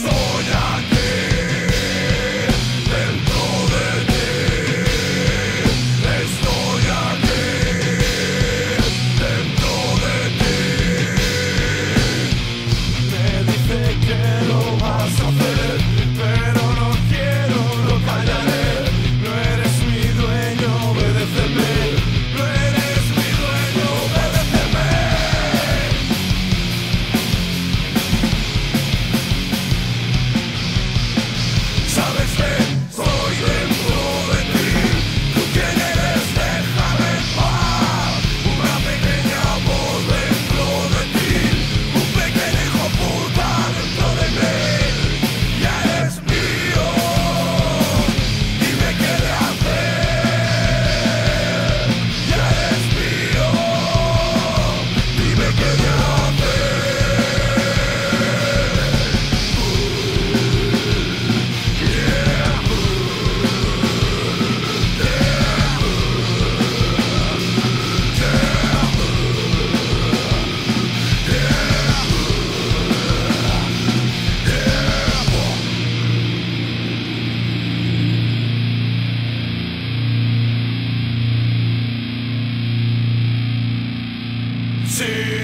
So that they. see.